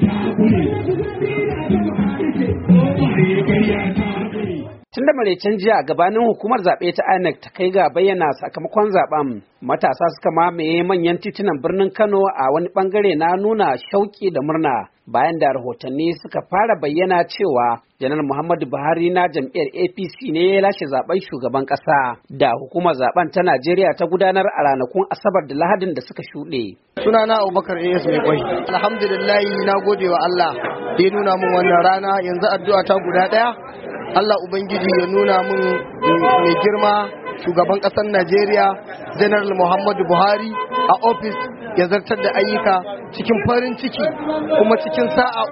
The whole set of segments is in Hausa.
ta kure. Ko ba ya da maraicen jiya gabanin hukumar zaɓe ta INEC ta kai ga bayyana sakamakon zaben matasa suka mamaye manyan titunan birnin Kano a wani bangare na nuna shauki da murna bayan da rahotanni suka fara bayyana cewa janar Muhammadu Buhari na jam'iyyar APC ne ya lashe zaben shugaban ƙasa da hukumar zaben ta Najeriya ta gudanar a ranakun Asabar da Lahadin da suka shuɗe. Sunana Abubakar AS mai kwai. Alhamdulillah na gode wa Allah da ya nuna min wannan rana yanzu addu'a ta guda ɗaya Allah Ubangiji ya nuna mun mai girma shugaban ƙasar Najeriya General Muhammadu Buhari a ofis ya zartar da ayyuka cikin farin ciki kuma cikin sa'a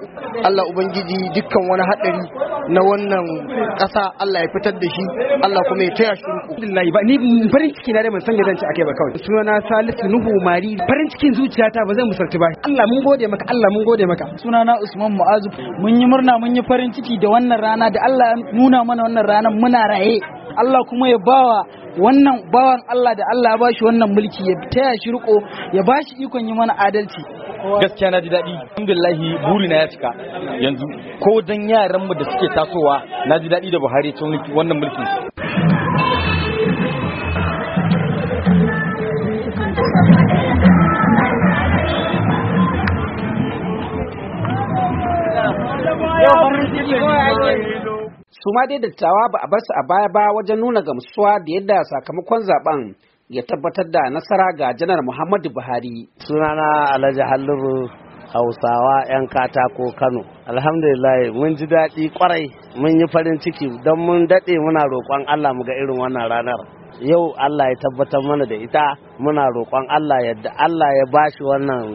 Allah Ubangiji dukkan wani haɗari na wannan ƙasa Allah ya fitar da shi Allah kuma ya taya shi alhamdulillah ba ni farin ciki na da mun san da zance akai ba kawai sunana Salisu Nuhu Mari farin cikin zuciyata ba zan musarci ba Allah mun gode maka Allah mun gode maka sunana Usman Mu'azu mun yi murna mun yi farin ciki da wannan rana da Allah ya nuna mana wannan ranar muna raye Allah kuma ya bawa wannan bawan Allah da Allah ya shi wannan mulki ya taya shi riko ya ba shi ikon yi mana adalci gaskiya na ji daɗi alhamdulillahi buri na ya cika yanzu ko dan yaran mu da suke tasowa na ji daɗi da Buhari ci wannan mulkin su ma dai dattawa ba a su a baya ba wajen nuna gamsuwa da yadda sakamakon zaben ya tabbatar da nasara ga janar muhammadu buhari sunana alhaji halliru hausawa 'yan katako kano alhamdulillah mun ji daɗi kwarai mun yi farin ciki don mun daɗe muna roƙon allah mu ga irin wannan ranar yau allah ya tabbatar mana da ita muna roƙon Allah yadda Allah ya bashi wannan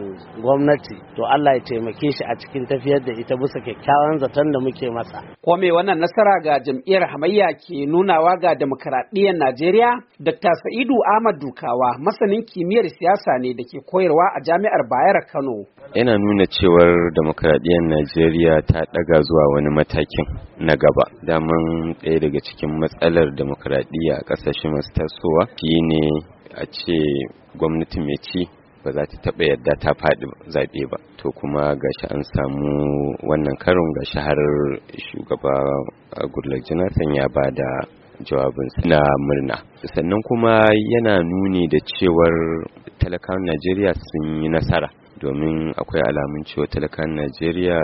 gwamnati to Allah ya taimake shi a cikin tafiyar da ita bisa kyakkyawan zaton da muke masa. Ko wannan nasara ga jam'iyyar hamayya ke nunawa ga demokaradiyyar Najeriya? Dr. Sa'idu Ahmad Dukawa masanin kimiyyar siyasa ne da ke koyarwa a Jami'ar Bayar Kano. Yana nuna cewar demokaradiyyar Najeriya ta ɗaga zuwa wani matakin na gaba. Daman ɗaya daga cikin matsalar demokaradiyya a ƙasashe masu tasowa shine a ce gwamnati mai ci ba za ta taɓa yadda ta faɗi zaɓe ba to kuma gashi an samu wannan karin gashi har shugaba goodluck jonathan ya ba da jawabin na murna sannan kuma yana nuni da cewar talakan najeriya sun yi nasara domin akwai alamun cewa talakan najeriya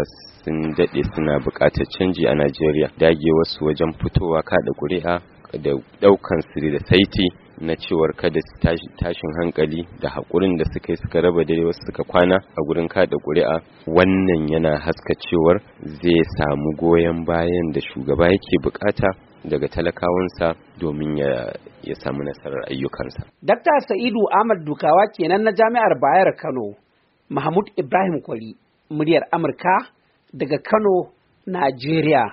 sun daɗe suna buƙatar canji a najeriya dage wasu wajen fitowa kaɗa ƙuri'a da ɗaukan siri da saiti na cewar kada su tashin hankali da haƙurin da suka yi suka raba da wasu suka kwana a gurin kada ƙuri'a wannan yana haska cewar zai samu goyon bayan da shugaba yake bukata daga talakawansa domin ya samu nasarar ayyukansa. Dakta Sa'idu Ahmad Dukawa kenan na Jami'ar Bayar Kano, Mahmud Ibrahim Kwari, muryar Amurka daga Kano, Najeriya.